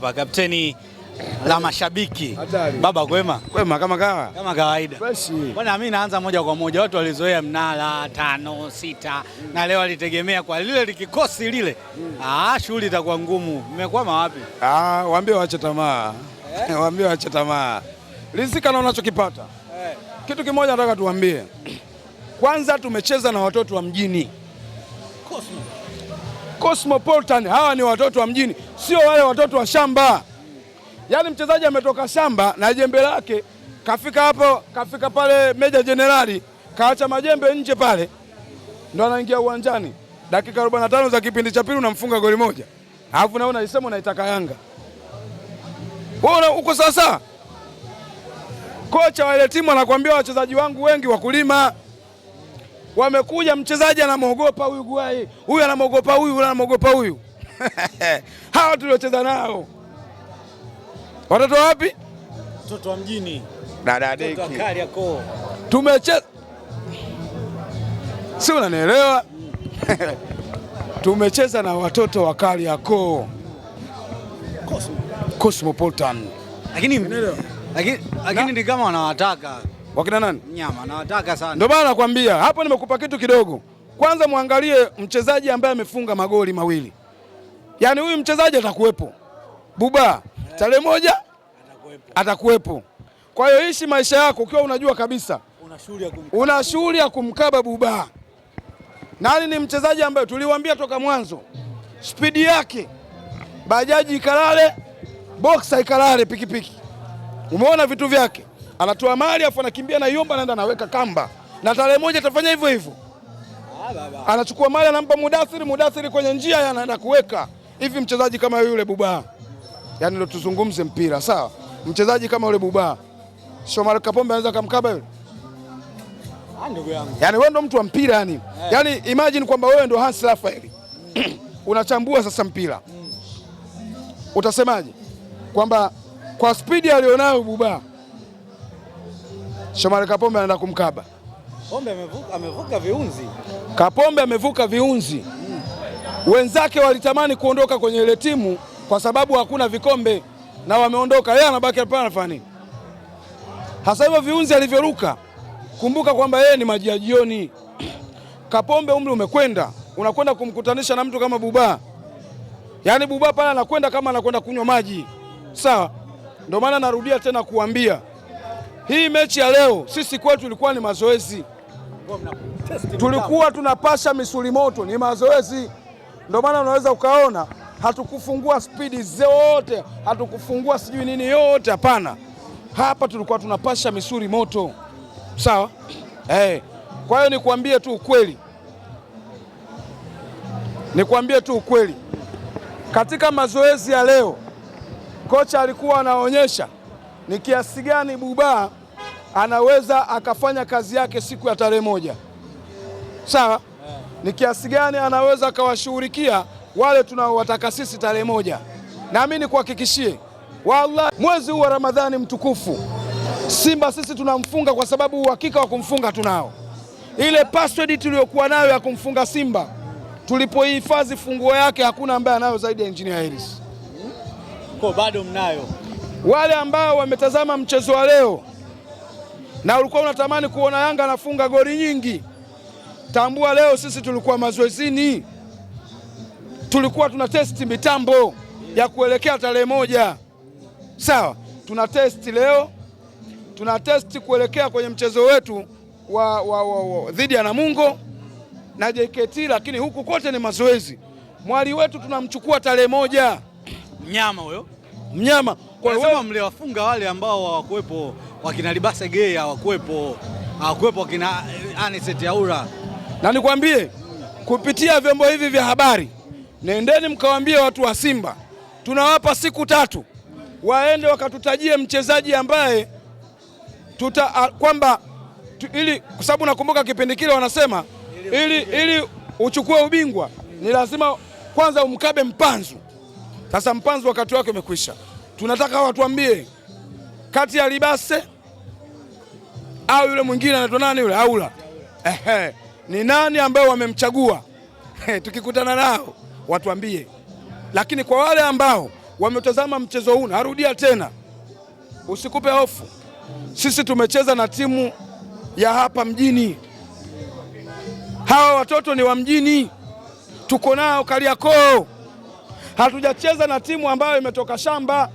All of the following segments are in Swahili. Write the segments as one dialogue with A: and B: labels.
A: Hapa kapteni la mashabiki baba, kwema?
B: Kwema kama kawa,
A: kama kawaida bwana. Mimi naanza moja kwa moja, watu walizoea mnala tano sita mm. na leo alitegemea kwa lile likikosi lile mm. ah, shughuli itakuwa ngumu. Mmekwama wapi?
B: Ah, waambie waache tamaa eh? waambie waache tamaa, rizika na unachokipata eh. Kitu kimoja nataka tuambie, kwanza tumecheza na watoto wa mjini Cosmo. Cosmopolitan, hawa ni watoto wa mjini, sio wale watoto wa shamba. Yaani mchezaji ametoka shamba na jembe lake kafika hapo, kafika pale Meja Jenerali, kaacha majembe nje pale, ndo anaingia uwanjani dakika 45 za kipindi cha pili, unamfunga goli moja, alafu naona unasema unaitaka Yanga wewe uko sasa, Kocha wa ile timu anakuambia wachezaji wangu wengi wakulima wamekuja, mchezaji anamwogopa huyu Guai, huyu anamwogopa huyu, huyu anamwogopa huyu hawa tuliocheza nao watoto wapi?
A: Mtoto wa mjini
B: dada deki tumecheza, si unanielewa? tumecheza na watoto wa Kariakoo Cosmopolitan,
A: lakini lakini ni kama wanawataka wakina nani? Mnyama nawataka sana.
B: Ndio maana nakwambia hapo, nimekupa kitu kidogo. Kwanza mwangalie mchezaji ambaye amefunga magoli mawili, yaani huyu mchezaji atakuwepo buba eh. tarehe moja atakuwepo. Kwa hiyo ishi maisha yako ukiwa unajua kabisa una shughuli ya kumkaba buba. Nani ni mchezaji ambaye tuliwambia toka mwanzo, spidi yake bajaji ikalale, boksa ikalale, pikipiki. Umeona vitu vyake anatoa mali afu anakimbia naiomba, naenda anaweka kamba, na tarehe moja atafanya hivyo hivyo, anachukua mali anampa mudathiri mudathiri kwenye njia anaenda kuweka hivi. Mchezaji kama yule Buba, yani ndio tuzungumze mpira sawa. Mchezaji kama yule Buba, Shomari Kapombe anaweza kumkaba yule ah, ndugu yangu, yani wewe ndo mtu wa mpira yani, hey. Eh. Yani imagine kwamba wewe ndo Hans rafael mm. unachambua sasa mpira, mm. utasemaje kwamba kwa spidi aliyonayo Buba Shomari Kapombe anaenda kumkaba
A: Pombe. Amevuka, amevuka viunzi.
B: Kapombe amevuka viunzi mm. Wenzake walitamani kuondoka kwenye ile timu kwa sababu hakuna vikombe na wameondoka, yeye anabaki hapa anafanya nini hasa? Hivyo viunzi alivyoruka, kumbuka kwamba yeye ni maji ya jioni. Kapombe umri umekwenda, unakwenda kumkutanisha na mtu kama Buba, yaani Buba pale anakwenda kama anakwenda kunywa maji, sawa? Ndio maana narudia tena kuambia hii mechi ya leo sisi kwetu ilikuwa ni mazoezi, tulikuwa tunapasha misuli moto, ni mazoezi. Ndio maana unaweza ukaona hatukufungua spidi zote, hatukufungua sijui nini yote, hapana. Hapa tulikuwa tunapasha misuli moto, sawa eh. Kwa hiyo nikwambie tu ukweli, nikwambie tu ukweli, katika mazoezi ya leo kocha alikuwa anaonyesha ni kiasi gani Bubaa anaweza akafanya kazi yake siku ya tarehe moja, sawa? Ni kiasi gani anaweza akawashughulikia wale tunaowataka sisi tarehe moja. Nami nikuhakikishie wallah mwezi huu wa Ramadhani mtukufu, Simba sisi tunamfunga kwa sababu uhakika wa kumfunga tunao. Ile password tuliyokuwa nayo ya kumfunga Simba tulipoihifadhi funguo yake, hakuna ambaye anayo zaidi ya injinia Hersi.
A: Kwa bado mnayo
B: wale ambao wametazama mchezo wa leo na ulikuwa unatamani kuona Yanga anafunga goli nyingi. Tambua leo sisi tulikuwa mazoezini, tulikuwa tuna testi mitambo ya kuelekea tarehe moja, sawa. Tuna testi leo, tuna testi kuelekea kwenye mchezo wetu wa, wa, wa, wa, dhidi ya Namungo na JKT, lakini huku kote ni mazoezi. Mwali wetu tunamchukua tarehe moja, mnyama huyo mnyama.
A: Kwa sababu mliwafunga wale ambao hawakuwepo wakina Libasa Gay hawakuwepo, hawakuwepo wakina eh, Anicet yaura
B: Na nikwambie kupitia vyombo hivi vya habari, nendeni mkawaambie watu wa Simba tunawapa siku tatu waende wakatutajie mchezaji ambaye tuta kwamba tu, ili kwa sababu nakumbuka kipindi kile wanasema ili, ili uchukue ubingwa ni lazima kwanza umkabe mpanzu. Sasa mpanzu wakati wake umekwisha, tunataka watuambie kati ya Libase au yule mwingine anaitwa nani yule Aula, ehe, ni nani ambao wamemchagua? Tukikutana nao watuambie, lakini kwa wale ambao wametazama mchezo huu, narudia tena, usikupe hofu. Sisi tumecheza na timu ya hapa mjini, hawa watoto ni wa mjini, tuko nao Kariakoo. Hatujacheza na timu ambayo imetoka shamba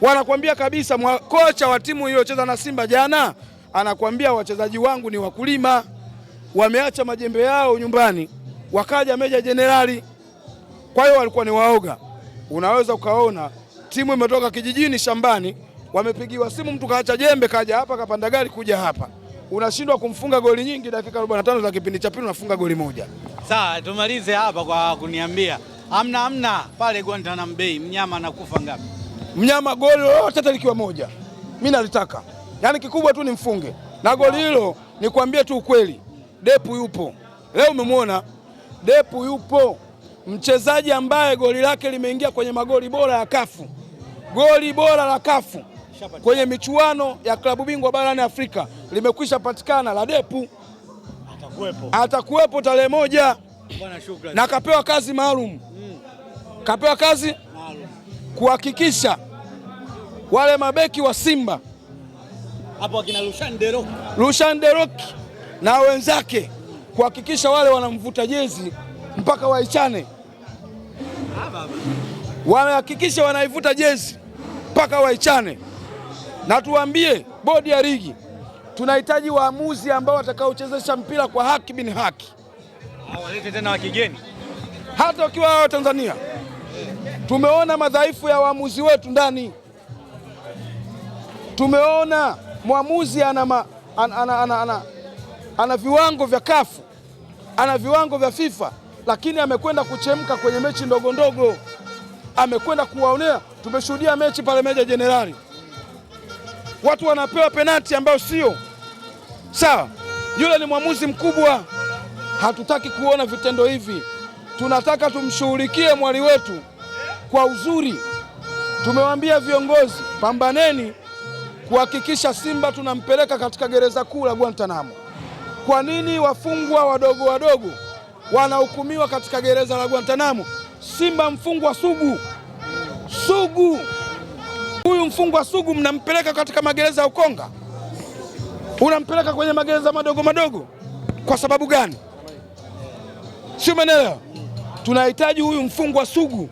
B: wanakwambia kabisa mwa, kocha wa timu iliyocheza na Simba jana anakwambia wachezaji wangu ni wakulima, wameacha majembe yao nyumbani, wakaja Meja Jenerali. Kwa hiyo walikuwa ni waoga. Unaweza ukaona timu imetoka kijijini shambani, wamepigiwa simu, mtu kaacha jembe, kaja hapa, kapanda gari kuja hapa. Unashindwa kumfunga goli nyingi, dakika 45 za kipindi cha pili unafunga goli moja.
A: Sawa, tumalize hapa kwa kuniambia amna amna pale Guantanamo Bay mnyama anakufa ngapi?
B: mnyama goli lolote hata likiwa moja, mimi nalitaka. Yaani kikubwa tu nimfunge na goli hilo. Nikwambie tu ukweli, Depu yupo leo, umemwona Depu yupo, mchezaji ambaye goli lake limeingia kwenye magoli bora ya Kafu, goli bora la Kafu kwenye michuano ya klabu bingwa barani Afrika limekwisha patikana la Depu. Atakuwepo, atakuwepo tarehe moja na kapewa kazi maalum, hmm. kapewa kazi kuhakikisha wale mabeki wa Simba
A: hapo akina Lushan Deroki,
B: Lushan Deroki na wenzake kuhakikisha wale wanamvuta jezi mpaka waichane, wanahakikisha wanaivuta jezi mpaka waichane. Na tuambie bodi ya ligi, tunahitaji waamuzi ambao watakaochezesha mpira kwa haki bin haki,
A: hawalete tena wa kigeni,
B: hata wakiwa wa Tanzania. Tumeona madhaifu ya waamuzi wetu ndani Tumeona mwamuzi ana, ma, ana, ana, ana, ana, ana viwango vya kafu ana viwango vya FIFA, lakini amekwenda kuchemka kwenye mechi ndogo ndogo, amekwenda kuwaonea. Tumeshuhudia mechi pale Meja Jenerali, watu wanapewa penati ambayo sio sawa. Yule ni mwamuzi mkubwa. Hatutaki kuona vitendo hivi, tunataka tumshughulikie mwali wetu kwa uzuri. Tumewambia viongozi, pambaneni kuhakikisha Simba tunampeleka katika gereza kuu la Guantanamo. Kwa nini wafungwa wadogo wadogo wanahukumiwa katika gereza la Guantanamo? Simba mfungwa sugu sugu, huyu mfungwa sugu mnampeleka katika magereza ya Ukonga, unampeleka kwenye magereza madogo madogo kwa sababu gani? Sio menelewa. Tunahitaji huyu mfungwa sugu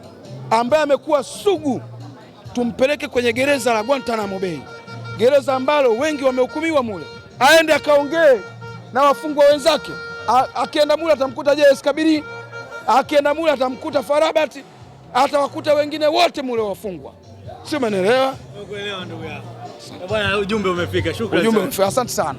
B: ambaye amekuwa sugu tumpeleke kwenye gereza la Guantanamo Bay gereza ambalo wengi wamehukumiwa mule, aende akaongee na wafungwa wenzake. Akienda mule atamkuta JS Kabiri, akienda mule atamkuta Farabati, atawakuta wengine wote mule wafungwa. Sio, umeelewa?
A: Ndugu yangu bwana, ujumbe umefika. Shukrani,
B: ujumbe umefika. Asante sana.